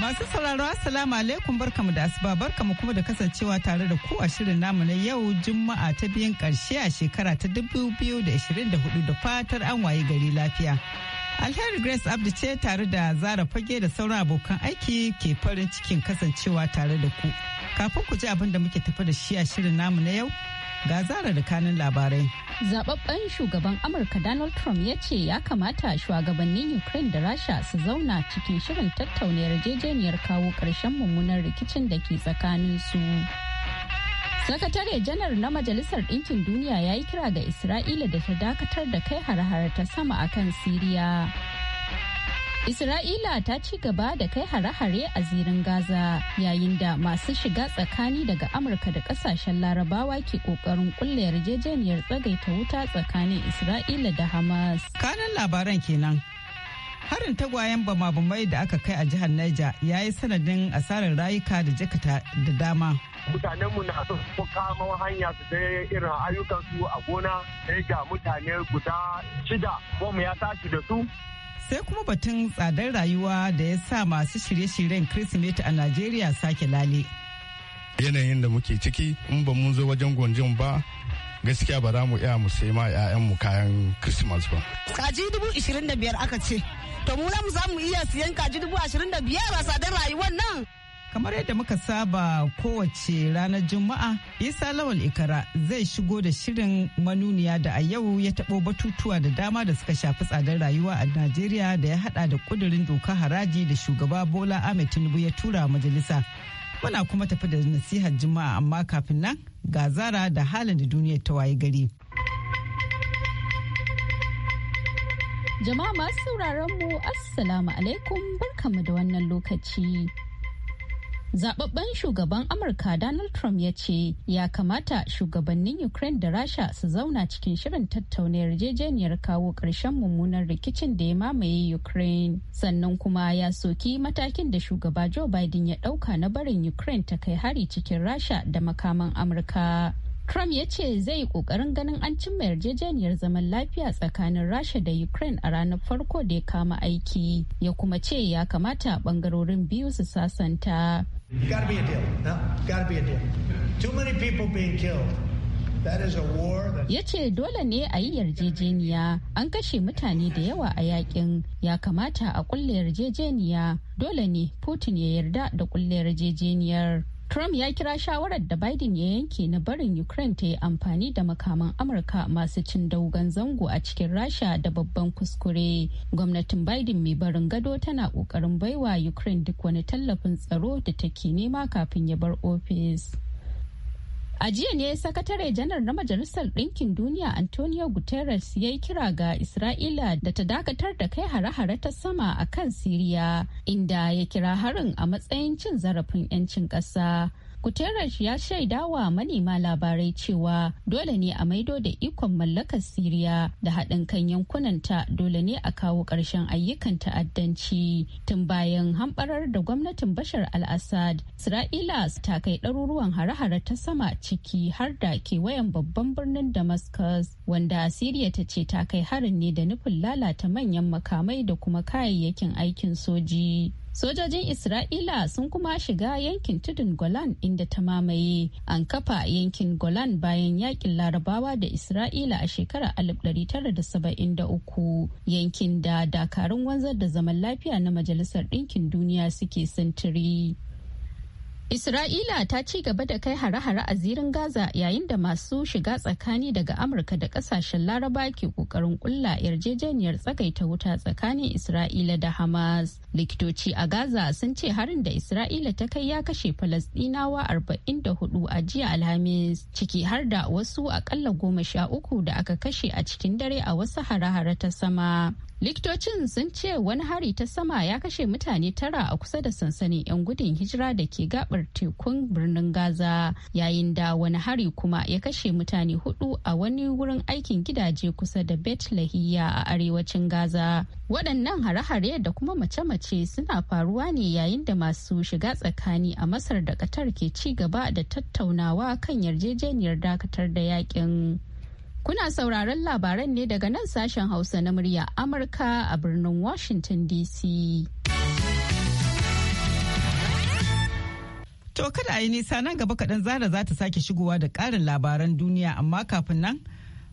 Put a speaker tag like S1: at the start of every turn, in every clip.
S1: Masu sauraro Assalamu alaikum barkamu da asuba barkamu kuma da kasancewa tare da ku a shirin namu na yau Juma'a ta biyan karshe a shekara ta 2024 da fatar an waye gari lafiya. Alheri Grace Abdi ce tare da Zara Fage da sauran abokan aiki ke farin cikin kasancewa tare da ku. Kafin ku ji abin da muke tafi da shi a shirin namu na yau, Ga zara da kanin labarai.
S2: Zababben shugaban Amurka Donald Trump ya ce ya kamata shugabannin Ukraine da Rasha su zauna cikin shirin tattauna yarjejeniyar kawo ƙarshen mummunan rikicin da ke tsakanin su. Sakatare janar na Majalisar Ɗinkin Duniya ya yi kira ga Isra'ila da ta dakatar da kai har-har ta sama akan Siriya. Isra'ila ta ci gaba da kai hare-hare a zirin Gaza yayin da masu shiga tsakani daga Amurka da kasashen larabawa ke kokarin kulle yarjejeniyar tsagaita wuta tsakanin Isra'ila da Hamas.
S1: Kanan labaran kenan. Harin tagwayen bama da aka kai a jihar Niger ya yi sanadin asarar rayuka da jakata da dama.
S3: Mutanenmu na son su kama hanya su sai irin ayyukansu a gona sai ga mutane guda shida mu ya tashi da su sai kuma batun
S1: tsadar rayuwa da ya sa masu shirye-shiryen kirsimeti a najeriya sake lale
S4: yanayin da muke ciki in ba mun zo wajen gwanjin ba gaskiya ba za mu iya mu sai ma kayan christmas ba
S5: kaji dubu ishirin da biyar aka ce to mu za mu iya siyan kaji dubu ashirin da biyar a tsadar rayuwar nan kamar
S1: yadda muka saba kowace ranar juma'a isa lawal ikara zai shigo da shirin manuniya da a yau ya taɓo batutuwa da dama da suka shafi tsadar rayuwa a najeriya da ya hada da kudirin doka haraji da shugaba bola ahmed tinubu ya tura majalisa muna kuma tafi da nasihar juma'a amma kafin nan ga zara da halin da duniyar ta waye gari
S2: jama'a masu sauraron mu assalamu alaikum barkamu da wannan lokaci zababben shugaban amurka donald trump ya ce ya kamata shugabannin ukraine da rasha su zauna cikin shirin tattauna yarjejeniyar kawo ƙarshen mummunan rikicin da ya mamaye ukraine sannan kuma ya soki matakin da shugaba joe biden ya ɗauka na barin ukraine ta kai hari cikin rasha da makaman amurka Trump ya ce zai kokarin ganin an cimma yarjejeniyar zaman lafiya tsakanin Rasha da Ukraine a ranar farko da ya kama aiki, ya kuma ce ya kamata bangarorin biyu su sasanta.
S3: Gotta be a deal. No? Gotta be a deal. Too many people being killed. ya
S2: ce dole ne a yi yarjejeniya an kashe mutane da yawa a yakin ya kamata a kulle yarjejeniya dole ne putin ya yarda da kulle yarjejeniyar Trump ya kira shawarar da Biden ya yanke na barin Ukraine ta yi amfani da makaman Amurka masu cin daugan zango a cikin Rasha da babban kuskure. Gwamnatin Biden mai barin gado tana kokarin baiwa Ukraine duk wani tallafin tsaro da take nema kafin ya bar ofis. A jiya ne sakatare janar na Majalisar Ɗinkin Duniya Antonio Guterres ya yi kira ga Isra'ila da ta dakatar da kai hare-hare ta sama a kan Siriya, inda ya kira harin a matsayin cin zarafin 'yancin ƙasa. Guterres ya shaida wa manema labarai cewa dole ne a maido da ikon mallakar Siriya da haɗin kan yankunanta dole ne a kawo ƙarshen ayyukan ta'addanci tun bayan hamɓarar da gwamnatin Bashar al-Assad. Isra'ila ta kai ɗaruruwan hare-hare ta sama ciki har da kewayen babban birnin Damascus wanda Siriya ta ce ta kai harin ne da nufin lalata manyan makamai da kuma kayayyakin aikin soji. Sojojin Isra'ila sun kuma shiga yankin tudun Golan inda ta mamaye. An kafa yankin Golan bayan yakin larabawa da Isra'ila a shekarar 1973 yankin da dakarun wanzar da zaman lafiya na Majalisar Ɗinkin Duniya suke sintiri. Isra'ila ta ci gaba da kai hare-hare a zirin Gaza yayin da masu shiga tsakani daga Amurka da kasashen Laraba ke kokarin kulla yarjejeniyar tsagaita wuta tsakanin Isra'ila da Hamas. Likitoci a Gaza sun ce harin da Isra'ila ta kai ya kashe Falasdinawa 44 a jiya Alhamis, ciki har da wasu akalla goma sha uku da aka kashe a cikin dare a wasu hare-hare ta sama. likitocin sun ce wani hari ta sama ya kashe mutane tara a kusa da sansanin 'yan gudun hijira da ke gabar tekun birnin gaza yayin da wani hari kuma ya kashe mutane hudu a wani wurin aikin gidaje kusa da bet lahiya a arewacin gaza waɗannan hare-hare da kuma mace-mace suna faruwa ne yayin da masu shiga tsakani a masar da qatar ke ci gaba da tattaunawa kan yarjejeniyar dakatar da yakin Kuna sauraron labaran ne daga nan sashen Hausa na murya Amurka a birnin Washington DC. To kada a yi
S1: nisa nan gaba kaɗan zara za ta sake shigowa da ƙarin labaran duniya amma kafin nan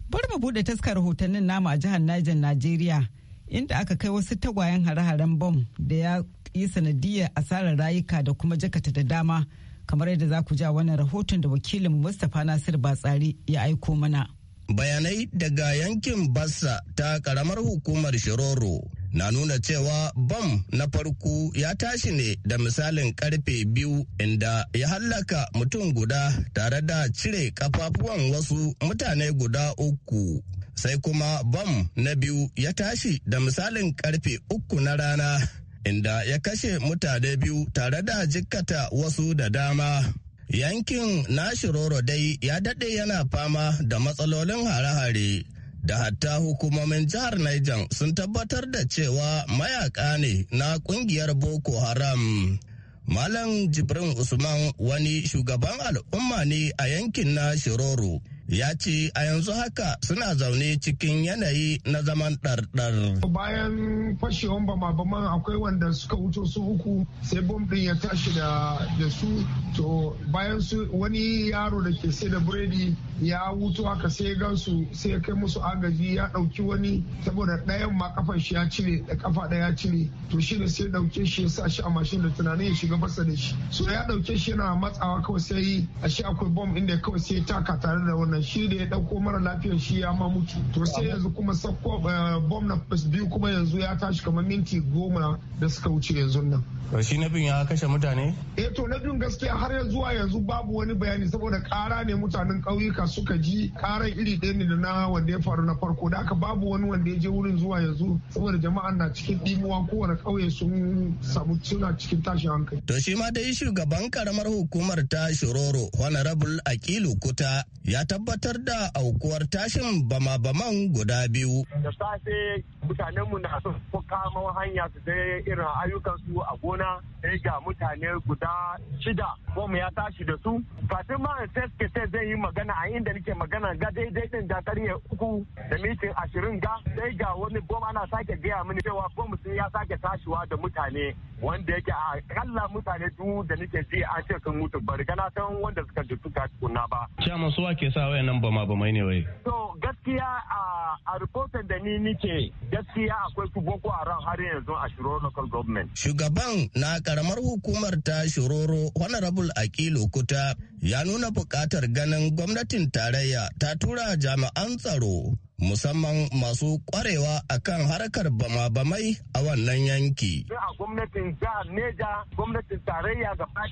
S1: bari mu buɗe taskar rahotannin nama a jihar Niger Najeriya inda aka kai wasu tagwayen hare-haren bom da ya yi sanadiyar asarar rayuka da kuma jakata da dama kamar yadda za ku ja wannan rahoton da wakilin Mustapha Nasir Batsari ya aiko mana. Bayanai
S6: daga yankin Bassa ta karamar hukumar Shiroro na nuna cewa bam na farko ya tashi ne da misalin karfe biyu inda ya hallaka mutum guda tare da cire kafafuwan wasu mutane guda uku sai kuma bam na biyu ya tashi da misalin karfe uku na rana inda ya kashe mutane biyu tare da jikkata wasu da dama Yankin Nashiroro dai ya daɗe yana fama da matsalolin hare-hare da hatta hukumomin jihar Niger sun tabbatar da cewa mayaka ne na ƙungiyar Boko Haram. Malam Jibrin Usman wani shugaban al'umma ne a yankin na Shiroro. ya ce a yanzu haka suna zaune cikin yanayi na zaman ɗarɗar.
S4: bayan fashewan bama baman akwai wanda suka wuce su uku sai bom ɗin ya tashi da su to bayan su wani yaro da ke sai da biredi ya wuto aka sai gansu sai ya kai musu agaji ya ɗauki wani saboda ɗayan ma kafan shi ya cire da kafa ɗaya ya cire to shi ne sai ɗauke shi ya sa shi a mashin da tunanin ya shiga basa da shi so ya ɗauke shi yana matsawa kawai sai a shi akwai bom inda kawai sai taka tare da wannan shi da ya ɗauko mara lafiyar shi ya ma mutu to sai yanzu kuma sakko eh, bom na biyu kuma yanzu ya tashi kamar minti goma da suka wuce yanzu nan.
S6: To shi na ya kashe mutane?
S4: Eh to na biyu gaskiya har yanzu zuwa yanzu babu wani bayani saboda kara ne mutanen ƙauyuka suka ji karar iri ɗaya ne da na wanda ya faru na farko da aka babu wani wanda ya je wurin zuwa yanzu saboda jama'a na cikin ɗimuwa kowane ƙauye sun samu suna cikin tashin hankali.
S6: To shi ma dai shugaban
S4: karamar hukumar ta
S6: Shororo Honorable Akilu Kuta ya tabbatar da aukuwar tashin bama-baman guda biyu.
S4: Da safe mutanenmu na son kama hanya su je
S7: irin ayyukansu a gona sai ga mutane guda shida mu ya tashi da su. Fatima sai zai yi magana a yi inda nake magana ga daidai din da tarihi uku da mitin ashirin ga sai ga wani bom ana sake gaya mini cewa bom sun ya sake tashiwa
S4: da mutane wanda yake a kalla mutane du da nake ji a ce sun mutu bari gana san wanda suka jituka tukuna ba.
S6: Chairman suwa ke sa wayan nan bama bamai ne wai.
S8: To gaskiya a rahoton da ni nike gaskiya akwai su boko haram har yanzu a shiro local government.
S6: Shugaban na karamar hukumar ta shiroro honorable Akilu Kuta ya nuna bukatar ganin gwamnatin tarayya ta tura jami'an tsaro musamman masu kwarewa a kan harkar bama-bamai a wannan yanki.
S7: Sai a gwamnatin jihar Neja, gwamnatin tarayya gaba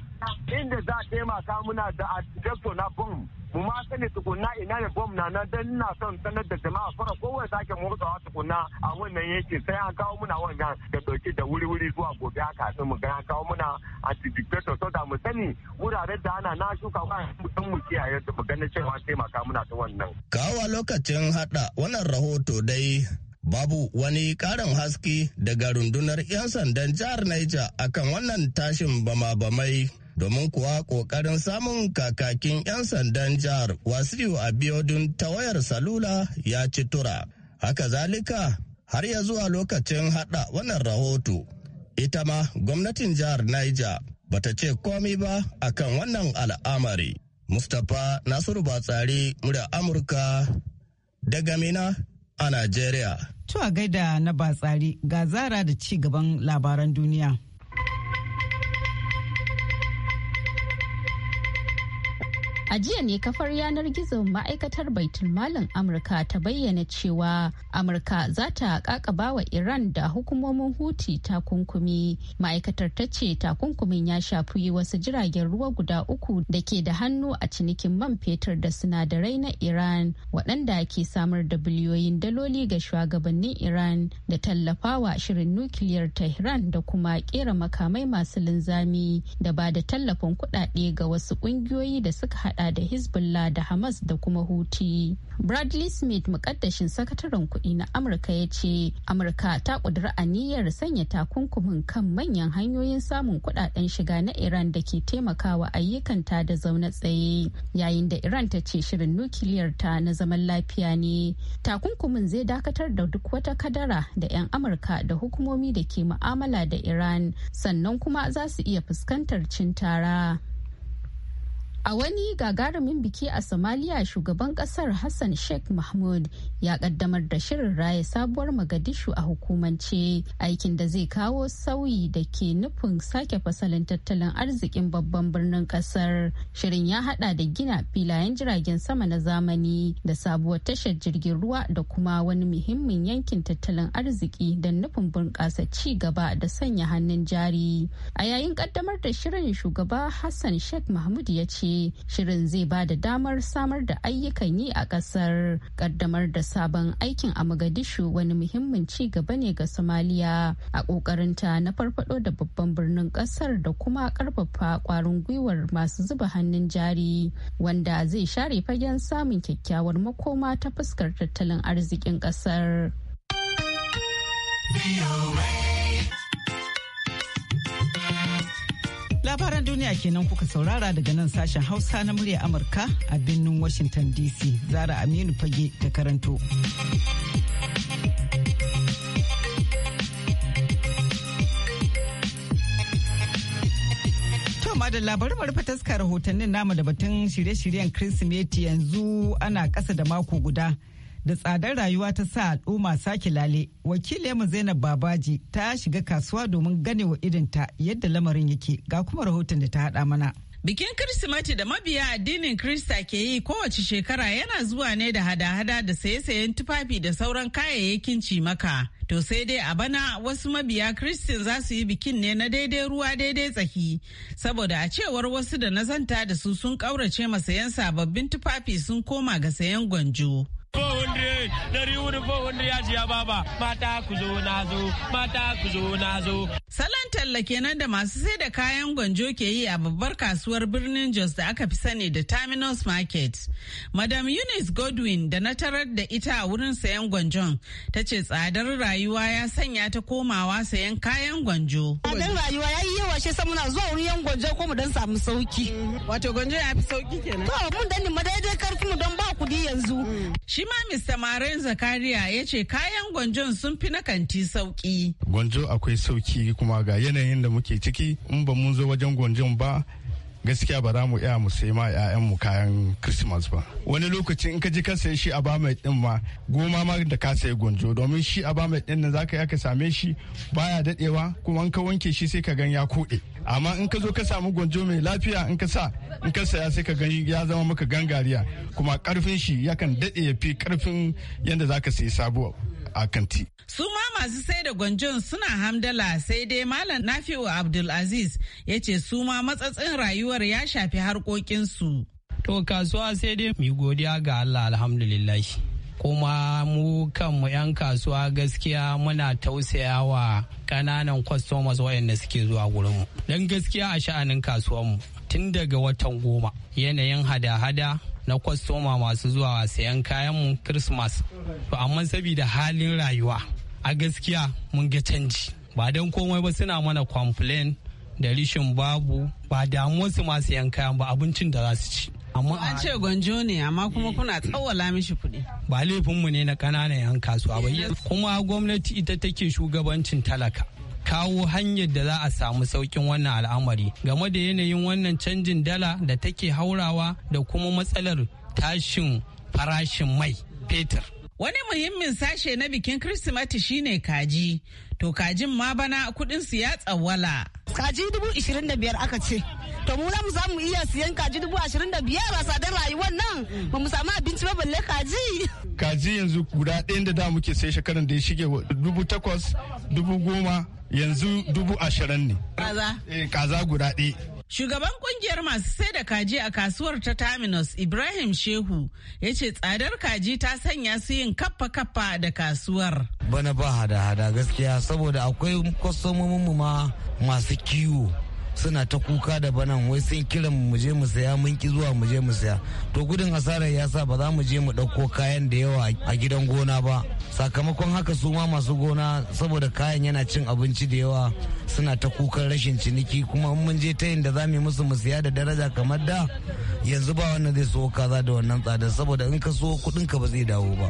S7: inda za a taimaka muna da a na bom mu ma sani tukunna ina ne bom na nan don ina son sanar da jama'a fara kowai sake motsawa tukunna a wannan yankin sai an kawo muna wannan da dauki da wuri wuri zuwa gobe a sai mu ga an kawo muna antidictator so da mu sani wuraren da ana na
S4: shuka wa mutum mu kiyaye da mu ganin cewa taimaka muna ta wannan.
S6: Kawo lokacin hada wannan rahoto dai babu wani ƙarin haske daga rundunar 'yan sandan jihar Niger akan wannan tashin bama-bamai. domin kuwa kokarin samun kakakin 'yan sandan jihar wasiu abiodun ta wayar salula ya ci tura haka zalika har ya zuwa lokacin hada wannan rahoto ita ma gwamnatin jihar niger bata ce komi ba akan wannan al'amari mustapha nasiru batsari murya amurka daga Mina a Najeriya.
S1: Tuwa gaida na batsari ga zara da ci gaban labaran duniya.
S2: A jiya ne kafar yanar gizo ma'aikatar baitul malin Amurka ta bayyana cewa Amurka za ta kakaba wa Iran da hukumomin Huti takunkumi. Ma'aikatar ta ce takunkumin ya shafi wasu jiragen ruwa guda uku da ke da hannu a cinikin man fetur da sinadarai na Iran waɗanda ke samar da biliyoyin daloli ga shugabannin Iran da tallafawa shirin nukiliyar Tehran da kuma kera makamai masu linzami da ba da tallafin kuɗaɗe ga wasu ƙungiyoyi da suka haɗa hada da hezbollah da hamas da kuma huti bradley smith mukaddashin sakataren kuɗi na amurka ya ce amurka ta ƙudiri aniyar sanya takunkumin kan manyan hanyoyin samun kuɗaɗen shiga na iran da ke taimakawa ayyukanta da zaune tsaye yayin da iran ta ce shirin nukiliyar ta na zaman lafiya ne takunkumin zai dakatar da duk wata kadara da 'yan amurka da hukumomi da ke mu'amala da iran sannan kuma za su iya fuskantar cin tara A wani gagarumin biki a Somalia shugaban kasar Hassan Sheikh Mahmud ya kaddamar da shirin raya sabuwar Magadishu a hukumance aikin da zai kawo sauyi da ke nufin sake fasalin tattalin arzikin babban birnin kasar. Shirin ya hada da gina filayen jiragen sama na zamani da sabuwar tashar jirgin ruwa da kuma wani muhimmin yankin tattalin arziki da nufin bunƙasa ci gaba da sanya hannun jari. A yayin kaddamar da shirin shugaba Hassan Sheikh Mahmud ya ce shirin zai ba da damar samar da ayyukan yi a ƙasar. Ƙaddamar da sabon aikin a mogadishu wani muhimmin ci gaba ne ga somaliya a kokarinta na farfado da babban birnin ƙasar da kuma ƙarfafa ƙwarin gwiwar masu zuba hannun jari wanda zai share fagen samun kyakkyawar makoma ta fuskar tattalin arzikin ƙasar.
S1: Labaran duniya kenan kuka saurara daga nan sashen Hausa na murya Amurka a birnin Washington DC. Zara Aminu Fage ta karanto. da labarin marufa taska rahotannin namu da batun shirye-shiryen Kirsimeti yanzu ana kasa da mako guda. da tsadar rayuwa ta sa al'umma sake lale wakilinmu zainab babaji ta shiga kasuwa domin ganewa ta yadda lamarin yake ga kuma rahoton da ta hada mana
S5: Bikin Kirsimati da mabiya addinin Krista ke yi kowace shekara yana zuwa ne da hada-hada da saye-sayen tufafi da sauran kayayyakin cimaka. To sai dai a bana wasu mabiya Kristin za su yi bikin ne na daidai ruwa daidai tsaki, saboda a cewar wasu da nazanta da su sun kaurace ma sayen sababbin tufafi sun koma ga sayan gwanjo.
S8: dari
S5: Salon talla kenan da masu sai da kayan gwanjo ke yi a babbar kasuwar birnin Jos da aka fi sani da Terminus Market. Madam Eunice Godwin da na tarar da ita a wurin sayan gwanjon ta ce tsadar rayuwa ya sanya ta komawa sayan kayan gwanjo. Tsadar rayuwa ya yi yawa shi sa muna zuwa wurin yan gwanjo ko mu dan samu sauki. Wato gwanjo ya fi sauki kenan. To mun dan ni madaidai karfin mu don ba kudi yanzu. Shi Shi ma Mr. Maren Zakaria ya ce kayan gwanjon sun fi na kanti sauki.
S4: Gwanjo akwai sauki kuma ga yanayin da muke ciki in ba mun zo wajen gwanjon ba gaskiya ba za mu iya mu sai ma mu kayan christmas ba wani lokaci in ka ji ka sayi shi a ba mai din ma goma ma da ka sayi gonjo domin shi a ba mai din nan zaka ya ka same shi baya dadewa kuma in ka wanke shi sai ka gan ya kode amma in ka zo ka samu gonjo mai lafiya in ka sa in ka saya sai ka gani ya zama maka gangariya kuma karfin shi yakan dade ya fi karfin yadda zaka sayi sabuwa a kanti.
S5: Su ma masu sai da gwanjon suna hamdala sai dai Malam Nafi'u Abdulaziz ya ce su ma matsatsin rayuwar ya shafi harkokinsu. To kasuwa sai dai mu godiya ga Allah alhamdulillah. kuma mu kanmu 'yan kasuwa gaskiya muna tausaya tausayawa kananan customers waɗanda suke zuwa mu dan gaskiya a sha'anin kasuwanmu tun daga watan goma yanayin hada-hada na kwastoma masu zuwa sayan kayan mu christmas to amma saboda halin rayuwa a gaskiya mun ga canji ba don komai ba suna mana complain da rishin babu ba damuwarsu masu yan kayan ba abincin da za su ci amma an ce gwanjo ne amma kuma eh. kuna tsawala mishi kuɗi ba laifinmu ne na ƙananan yan kasuwa ba kuma gwamnati ita take shugabancin talaka kawo hanyar da za a samu saukin wannan al'amari game da yanayin wannan canjin dala da take haurawa da kuma matsalar tashin farashin mai fetur. Wani muhimmin sashe na bikin kirsimati shine kaji, to kajin ma bana kudinsu ya tsawala. Kaji dubu ishirin da biyar aka ce, to mu mu za mu iya siyan kaji dubu ashirin da biyar a tsadar rayuwar nan ba mu samu abinci ba balle kaji. Kaji yanzu
S4: guda ɗayan da da muke sai shekaran da ya shige dubu takwas dubu goma yanzu dubu ashirin ne.
S5: Kaza? Eh, kaza guda Shugaban kungiyar masu sai da kaji a kasuwar ta Terminus Ibrahim Shehu ya ce tsadar kaji ta sanya su yin kaffa-kaffa da kasuwar.
S6: Bana ba hada-hada gaskiya saboda akwai kwasomomin ma masu kiwo suna ta kuka da banan wai sun kiran mu je mu saya mun ki zuwa mu je mu saya to gudun asarar ya sa ba za mu je mu ɗauko kayan da yawa a gidan gona ba sakamakon haka su ma masu gona saboda kayan yana cin abinci da yawa suna ta kukan rashin ciniki kuma in mun je ta yin da za mu musu mu siya da daraja kamar da yanzu ba wannan zai so kaza da wannan tsada saboda in ka so kuɗin ka ba zai dawo ba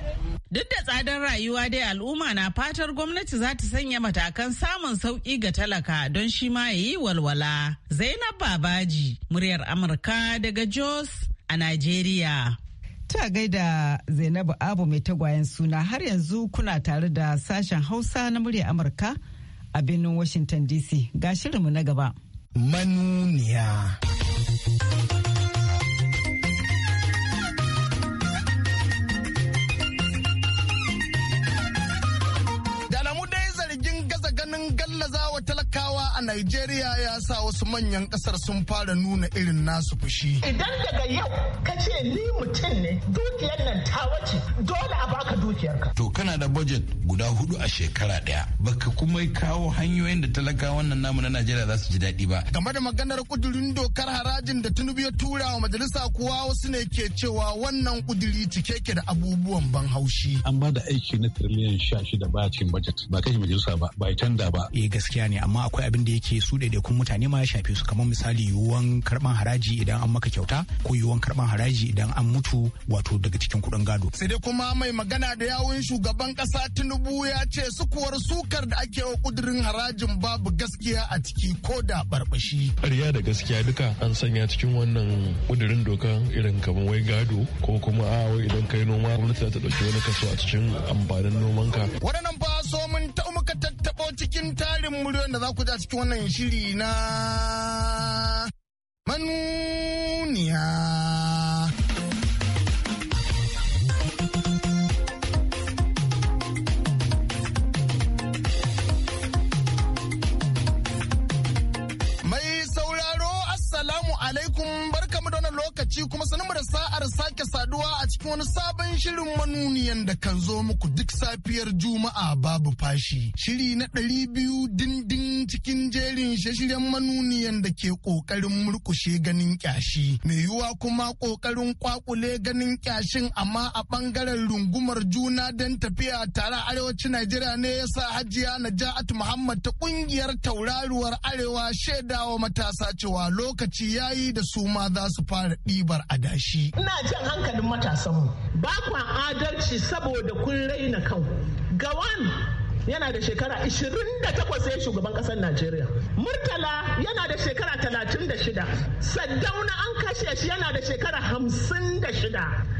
S5: Duk da tsadar rayuwa dai al'umma na fatar gwamnati za ta sanya matakan samun sauƙi ga talaka don shi ma ya yi walwala. Zainab Babaji, muryar Amurka daga Jos a Najeriya.
S1: Ta gaida Zainabu Abu mai tagwayen suna har yanzu kuna tare da sashen Hausa na muryar Amurka a birnin Washington DC. Ga shirinmu na gaba. Manuniya.
S7: Najeriya ya sa wasu manyan kasar sun fara nuna irin nasu fushi. Idan daga yau
S9: ka ce ni mutum ne dukiyar nan ta wace dole a baka dukiyarka.
S10: To kana da budget guda hudu a shekara daya baka kuma kawo hanyoyin da talaka wannan namu na Najeriya za su ji daɗi ba.
S7: Game da maganar kudurin dokar harajin da Tinubu ya tura wa majalisa kuwa wasu ne ke cewa wannan kuduri cike ke da abubuwan ban haushi.
S11: An ba da aiki na tiriliyan sha shida ba cikin budget ba kashe majalisa ba ba canza ba. Eh gaskiya ne amma
S3: akwai abin da yake su kun mutane ma ya shafe su kamar misali yiwuwan karban haraji idan an maka kyauta ko yiwuwan karban haraji idan an mutu wato daga cikin kuɗin gado. Sai dai kuma mai magana da yawun
S7: shugaban kasa Tinubu ya ce sukuwar sukar da ake wa kudirin harajin babu gaskiya a ciki ko da barbashi.
S8: ƙarya da gaskiya duka an sanya cikin wannan kudirin doka irin kamar wai gado ko kuma a wai idan kai noma gwamnati za ta ɗauki wani kaso a cikin amfanin nomanka.
S7: Waɗannan ba so mun cikin tarin muryar da za ku ja cikin wannan shiri na manuniya. lokaci kuma sanin da sa'ar sake saduwa a cikin wani sabon shirin manuniyan da kan zo muku duk safiyar Juma'a babu fashi. Shiri na ɗari biyu dindin cikin jerin shirin manuniyan da ke ƙoƙarin murkushe ganin ƙyashi. Mai yiwuwa kuma ƙoƙarin kwakule ganin ƙyashin amma a ɓangaren rungumar juna don tafiya tare arewacin Najeriya ne ya sa Hajiya Naja'atu Muhammad ta ƙungiyar tauraruwar Arewa shaidawa matasa cewa lokaci yayi da su ma za su fara ɗi
S9: ribar adashi. Ina jin hankalin matasanmu, ba kwa adalci saboda kun raina kanku. Gawan yana da shekara 28 ya shugaban kasar Najeriya. Murtala yana da shekara 36. Saddauna an kashe shi yana da shekara 56.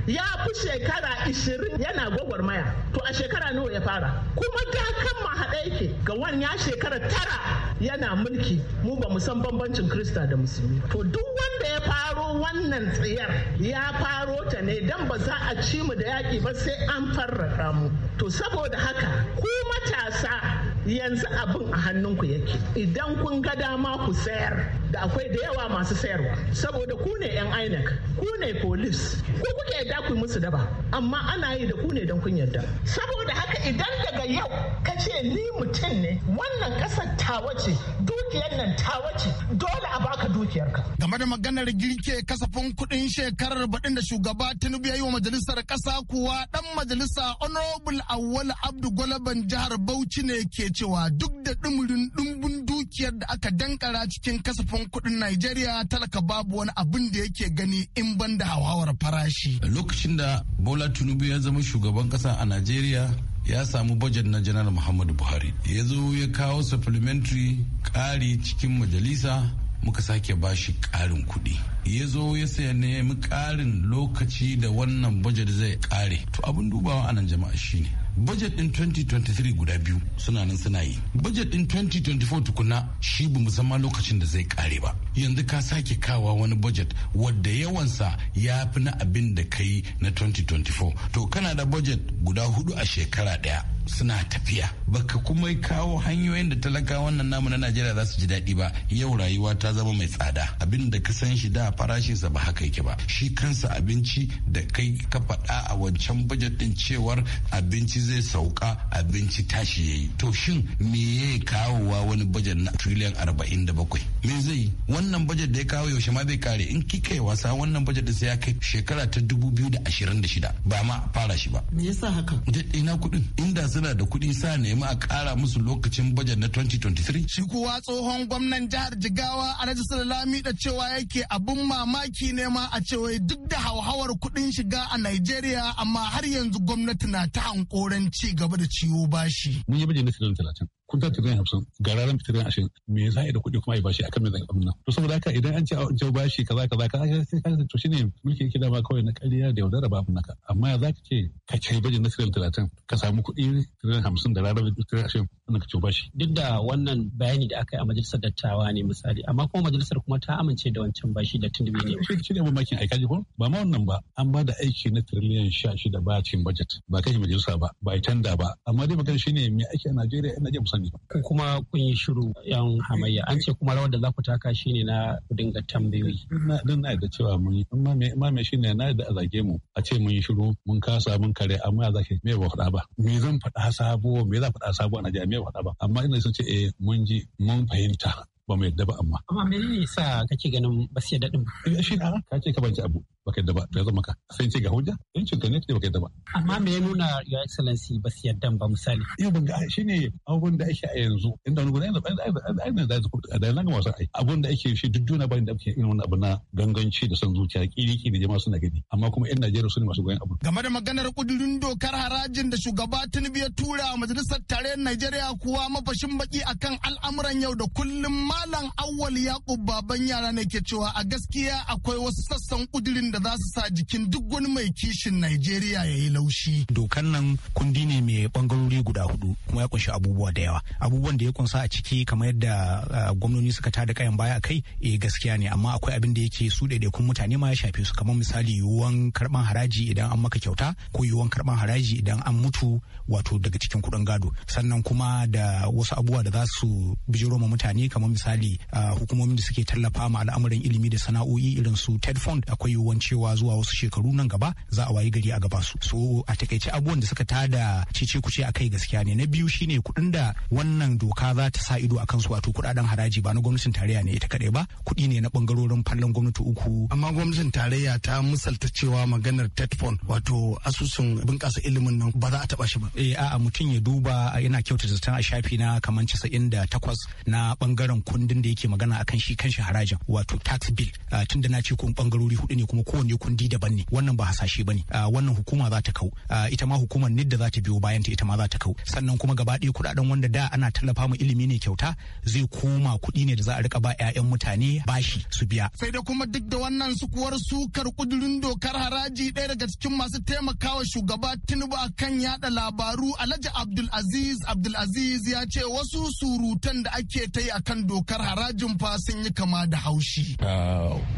S9: Ya fi shekara 20 yana maya To a shekara nawa ya fara. Kuma da kan mahaɗa yake ga wani ya shekara tara yana mulki mu ba mu san bambancin Krista da Musulmi. To duk wanda ya faro wannan tsiyar ya faro ta ne dan ba za a ci mu da yaƙi ba sai an farraka mu. To saboda haka ku mata 啥？yanzu abin a hannunku yake idan kun ga dama ku sayar da akwai da yawa masu sayarwa saboda ku ne yan inec ku ne police ku kuke yadda ku musu daba amma ana yi da ku ne don kun yadda. saboda haka idan daga yau ka ce ni mutum ne wannan kasar tawa ce dukiyar nan tawa ce dole a baka ka. game da maganar girke kasafin
S7: kuɗin shekarar baɗin da shugaba tinubu ya yi wa majalisar ƙasa kuwa ɗan majalisa honorable awwal abdu gwalaban jihar bauchi ne ke cewa duk da ɗumurin ɗumbun dukiyar da aka dankara cikin kasafin kuɗin Najeriya talaka babu wani abin da yake gani
S10: in ban da hauhawar farashi. Lokacin da Bola Tinubu ya zama shugaban ƙasa a Najeriya ya samu bajet na janar Muhammadu Buhari. Ya zo ya kawo supplementary ƙari cikin majalisa muka sake bashi ƙarin kuɗi. Ya zo ya saya nemi ƙarin lokaci da wannan bajet zai ƙare. To abin dubawa a nan jama'a shine. budget din 2023 guda biyu suna nan suna yi budget din 2024 tukuna shi bamu zama lokacin da zai kare ba yanzu ka sake kawa wani budget wadda yawansa ya fi na abin da ka yi na 2024 to kana da budget guda hudu a shekara daya suna tafiya baka kuma kawo hanyoyin da talaka wannan namu na najeriya za su ji daɗi ba yau rayuwa ta zama mai tsada abin da ka san shi da farashinsa ba haka yake ba shi kansa abinci da kai ka faɗa a wancan budget din cewar abinci zai sauka abinci tashi yayi to shin me ya kawowa wani budget na triliyan arba'in da bakwai me zai wannan budget da ya kawo yaushe ma bai kare in kika yi wasa wannan budget din sai ya kai shekara ta dubu biyu da ashirin da shida ba ma fara shi ba me yasa haka ina kuɗin inda suna da kuɗi sa nemi a ƙara musu lokacin bajet na 2023? Shi kuwa
S7: tsohon gwamnan jihar Jigawa a Alhaji Salami da cewa yake abin mamaki ne ma a cewa duk da hauhawar kuɗin shiga a Najeriya amma har yanzu gwamnati na ta hankoran ci gaba da ciwo bashi.
S11: Mun yi bajet na talatin. kun ta tiriliyan hamsin ga ranar tiriliyan ashirin me za a yi da kuɗi kuma a yi bashi akan me zai abin to saboda haka idan an ce a jau bashi kaza kaza ka za ka to shine mulkin kida ma kawai na kariya da yaudara babu naka amma ya ka ce ka ce bajin na tiriliyan talatin ka samu kuɗi tiriliyan hamsin da ranar tiriliyan ashirin wannan ka ce bashi. duk da wannan bayani da aka yi a majalisar dattawa ne misali amma kuma majalisar kuma ta amince da wancan bashi da tun da bai ne. shi ne abin makin aika ko ba ma wannan ba an ba da aiki na tiriliyan sha shida ba cikin bajet ba kashe majalisa ba ba a tanda ba amma dai magana shine me ake a Najeriya ina jin sani kuma kun yi shiru yan hamayya an ce kuma rawar da za ku taka shine na ku dinga tambayoyi dan na da cewa mun amma me amma me shine na da zage mu a ce mun yi shiru mun kasa mun kare amma za ki me ba faɗa ba me zan faɗa sabo me za faɗa sabo a Najeriya me ba faɗa ba amma ina sun ce eh mun ji mun fahimta ba mu yadda ba amma. Amma me ne sa kake ganin ba su yadda ba? Shi na ka ce ka banci abu ba ka yadda ba zama ka sai ce ga hujja in cin ne ba ka yadda ba. Amma me ya nuna your excellency ba su yadda ba misali. Iya ban ga shi ne abubuwan da ake a yanzu inda wani gudanar da ainihin da a da yanzu masu ai abun da ake shi duk juna bayan da ake irin wani abu na ganganci da son zuciya kiriki da jama'a suna gani amma kuma yan Najeriya su ne masu goyon abu.
S7: Game da maganar kudurin dokar harajin da shugaba Tinubu ya tura majalisar tarayyar Najeriya kuwa mafashin baki akan al'amuran yau da kullum Malam Awwal Yakub baban yara ne ke cewa a gaskiya akwai wasu sassan kudirin da za su sa jikin duk wani mai kishin Najeriya ya yi laushi.
S3: Dokan nan kundi ne mai bangarori guda hudu kuma ya kunshi abubuwa da yawa. Abubuwan da ya kunsa a ciki kamar yadda gwamnoni suka tada kayan baya kai eh gaskiya ne amma akwai abin da yake su daidaikun mutane ma ya shafe su kamar misali yiwuwan karban haraji idan an maka kyauta ko yiwuwan karban haraji idan an mutu wato daga cikin kudin gado sannan kuma da wasu abubuwa da za su bijiro ma mutane kamar misali hukumomin da suke tallafa ma al'amuran ilimi da sana'o'i irin su ted fund akwai yiwuwan cewa zuwa wasu shekaru nan gaba za a wayi gari a gaba su so a takaice abubuwan da suka tada cece kuce a kai gaskiya ne na biyu shine kuɗin da wannan doka za ta sa ido akan su wato kuɗaɗen haraji ba na gwamnatin tarayya ne ita kaɗai ba kuɗi ne na bangarorin fallon gwamnati uku amma gwamnatin tarayya ta misalta cewa maganar ted fund wato asusun bunƙasa ilimin nan ba za a taɓa shi ba eh a'a mutum ya duba yana kyautata zaton a shafi na kamar 98 na bangaren kundin da yake magana akan shi kanshi harajin wato tax bill ah, tun da na ce kun bangarori hudu ne kuma kowanne kundi daban ne wannan ba hasashe bane ah, wannan hukuma za ta kau ah, ita ma hukumar nidda za ta biyo bayan ta ita ma za ta kau sannan kuma gaba ɗaya kuɗaɗen wanda da ana tallafa mu ilimi ne kyauta zai koma kuɗi ne da za a rika ba 'ya'yan mutane bashi su biya
S7: sai da kuma duk da wannan sukuwar sukar kudurin dokar haraji ɗaya daga cikin masu taimakawa shugaba tinubu akan yada labaru alhaji abdulaziz abdulaziz ya ce wasu surutan da ake ta yi akan dokar saukar harajin fa sun yi kama da haushi.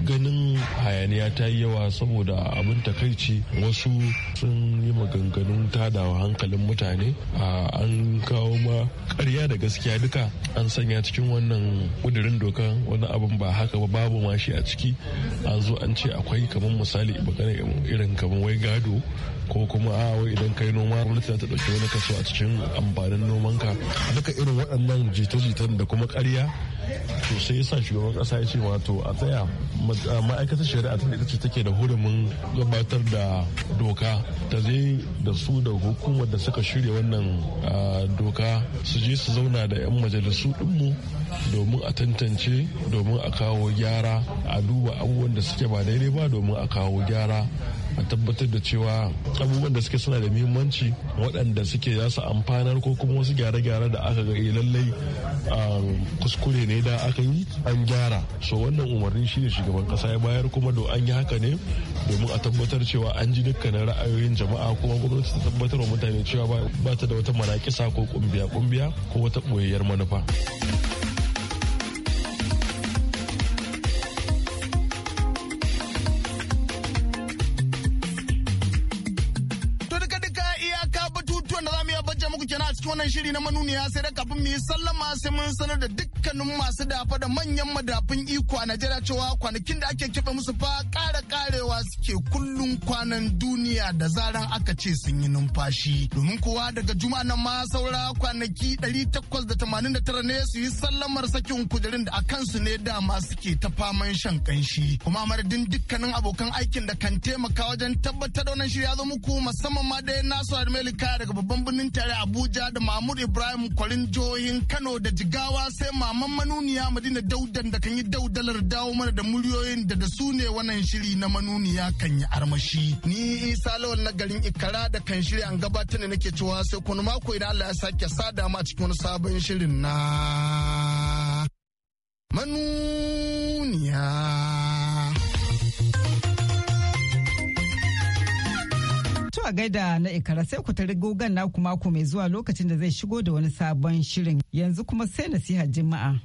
S8: ganin hayaniya ta yi yawa saboda abin takaici wasu sun yi maganganun tadawa hankalin mutane an kawo ma karya da gaskiya duka an sanya cikin wannan kudirin dokan wani abin ba haka ba babu ma shi a ciki an zo an ce akwai kamar misali irin kamar wai gado ko kuma a wai idan kai noma gwamnati ta ɗauki wani kaso a cikin amfanin ka duka irin waɗannan jita-jitan da kuma karya to sai yasa shugaban kasa ya ce wato a tsaya ma'aikatar shari'a ta ita ce take da hurumin gabatar da doka ta zai da su da hukumar da suka shirya wannan doka su je su zauna da 'yan majalisu dinmu domin a tantance domin a kawo gyara a duba abubuwan da suke ba daidai ba domin a kawo gyara a tabbatar da cewa abubuwan da suke suna da muhimmanci waɗanda suke za su amfanar ko kuma wasu gyare-gyare da aka ga eh, lallai um, kuskure ne da aka yi an gyara so wannan umarni shi ne shugaban kasa ya bayar kuma do an yi haka ne domin a tabbatar cewa an ji dukkanin ra'ayoyin jama'a kuma gwamnati ta tabbatar wa mutane cewa ba ta da wata manaƙisa ko kumbiya kumbiya ko wata ɓoyayyar manufa.
S7: wannan shiri na manuniya sai da kafin mu yi sallama sai mun sanar da duk dukkanin masu dafa da manyan madafin iko a Najeriya cewa kwanakin da ake keɓe musu fa ƙara ƙarewa suke kullum kwanan duniya da zaran aka ce sun yi numfashi. Domin kowa daga juma'a nan ma saura kwanaki 889 ne su yi sallamar sakin kujerin da a kansu ne dama suke ta faman shan kanshi. Kuma madadin dukkanin abokan aikin da kan taimaka wajen tabbatar da wannan shirya zo muku musamman ma dai Nasu Admeli daga babban birnin tare Abuja da Mahmud Ibrahim Kwarin jihohin Kano da Jigawa sai Mahmud maman manuniya madina daudan da kan yi daudalar dawo mana da muryoyin da da su ne wannan shiri na manuniya kan yi armashi ni isa lawal na garin ikara da kan shiri an gabatar da nake cewa sai kuma mako idan allah ya sake sada mu a cikin wani sabon shirin na
S1: manuniya a gaida na ikara sai ku tari na kuma ku mai zuwa lokacin da zai shigo da wani sabon shirin yanzu kuma sai nasihar jima'a.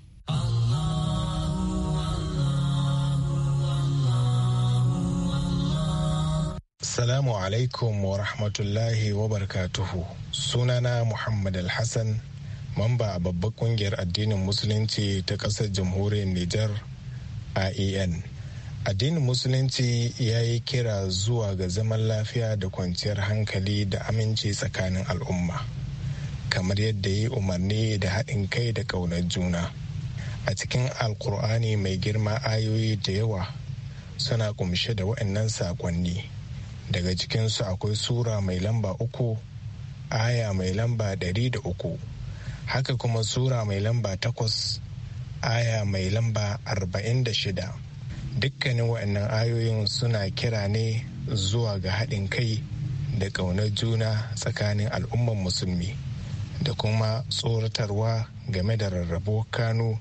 S4: Salamu alaikum wa rahmatullahi wa barkatuhu Sunana Muhammad Alhassan, mamba a babbar kungiyar addinin Musulunci ta ƙasar jamhuriyar Nijar, IAN. E addinin musulunci ya yi kira zuwa ga zaman lafiya da kwanciyar hankali da aminci tsakanin al'umma kamar yadda yi umarni da haɗin kai da ƙaunar juna a cikin alkur'ani mai girma ayoyi da yawa suna kumshe da wa'annan saƙonni daga cikinsu akwai sura mai lamba uku aya mai lamba ɗari da uku haka kuma sura mai lamba takwas aya mai lamba arba'in da shida dukkanin waɗannan ayoyin suna kira ne zuwa ga haɗin kai da ƙaunar juna tsakanin al'umman musulmi da kuma tsoratarwa game da rarrabo kano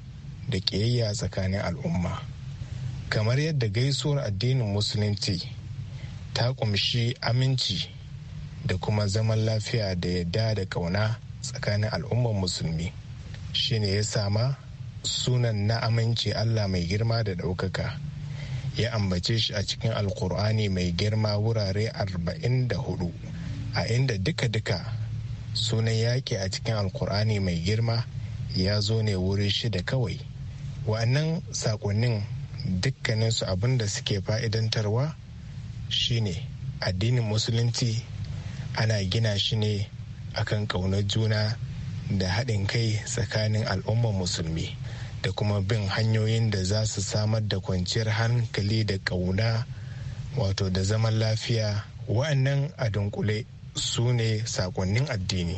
S4: da ƙiyayya tsakanin al'umma kamar yadda gaisuwar addinin musulunci ta ƙumshi aminci da kuma zaman lafiya da yadda da ƙauna tsakanin al'umman musulmi shine ya sama sunan na aminci allah mai girma da ɗaukaka ya ambace shi a cikin alkur'ani mai girma wurare 44 a inda duka-duka sunan yaƙi a cikin alkur'ani mai girma ya zo ne wuri shida kawai wa'annan saƙonnin dukkaninsu abin da suke fa'idantarwa shine addinin musulunci ana gina shi ne akan ƙaunar juna da haɗin kai tsakanin al'ummar musulmi da kuma bin hanyoyin da za su samar da kwanciyar hankali da ƙauna wato da zaman lafiya wa'annan a dunkule su ne sakonnin addini.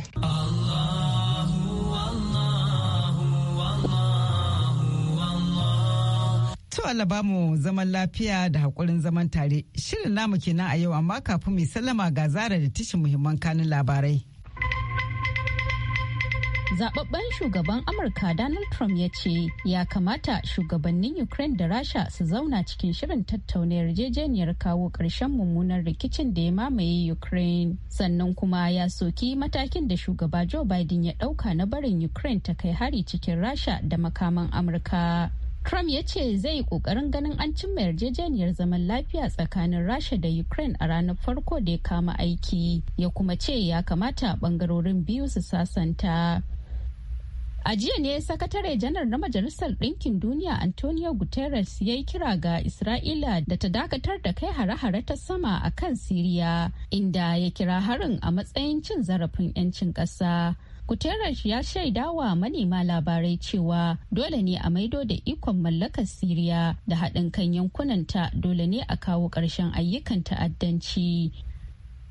S1: To Allah ba mu zaman lafiya da haƙurin zaman tare. Shirin namu kenan a yau amma kafin mai sallama ga zara da tashin muhimman kanin labarai.
S2: zababben shugaban amurka donald trump ya ce ya kamata shugabannin ukraine da rasha su zauna cikin shirin tattauna yarjejeniyar kawo ƙarshen mummunan rikicin da ya mamaye ukraine sannan kuma ya soki matakin da shugaba joe biden ya ɗauka na barin ukraine ta kai hari cikin rasha da makaman amurka Trump ya ce zai yi kokarin ganin an cimma yarjejeniyar zaman lafiya tsakanin Rasha da Ukraine a ranar farko da ya kama aiki, ya kuma ce ya kamata bangarorin biyu su sasanta. A jiya ne sakatare janar na Majalisar Ɗinkin Duniya Antonio Guterres ya yi kira ga Isra'ila da ta dakatar da kai hare-hare ta sama a kan Siriya, inda ya kira harin a matsayin cin zarafin 'yancin ƙasa. Guterres ya shaida wa manema labarai cewa dole ne a maido da ikon mallakar Siriya da haɗin kan yankunanta dole ne a kawo ƙarshen ayyukan ta'addanci.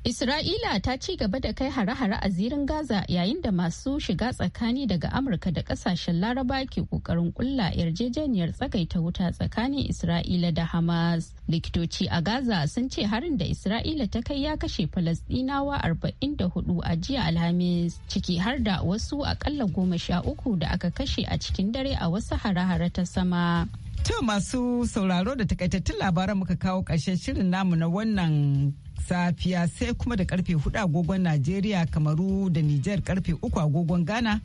S2: Isra'ila ta ci gaba da kai hare-hare a zirin Gaza yayin da masu shiga tsakani daga Amurka da kasashen Laraba ke kokarin kulla yarjejeniyar tsagaita wuta tsakanin Isra'ila da Hamas. Likitoci a Gaza sun ce harin da Isra'ila ta kai ya kashe Falasɗinawa 44 a jiya Alhamis, ciki har da wasu akalla goma sha uku da aka kashe a cikin dare a wasu hare-hare ta sama.
S1: To masu sauraro da takaitattun labaran muka kawo ƙarshen shirin namu na wannan safiya sai kuma da karfe 4 agogon Najeriya kamaru da Nijar karfe 3 agogon Ghana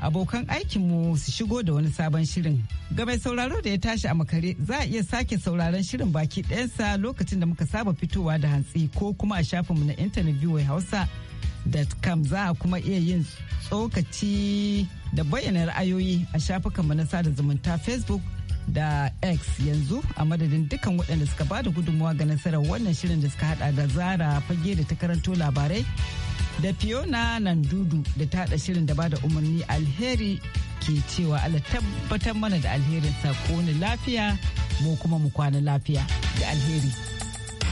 S1: abokan aikinmu su shigo da wani sabon shirin. Ga mai sauraro da ya tashi a makare za a iya sake sauraron shirin baki ɗayansa lokacin da muka saba fitowa da hantsi ko kuma a shafinmu na intanet biyu hausa. com za a kuma iya yin tsokaci da bayyana ra'ayoyi a shafukanmu na sada zumunta facebook da X yanzu a madadin dukkan waɗanda suka ba da gudunmawa ga nasarar wannan shirin da suka hada da Zara fage da ta karanto labarai da Fiona dudu da ta hada shirin da ba da umarni alheri ke cewa Allah tabbatar mana da alherin sa lafiya mu kuma mu kwana lafiya da alheri.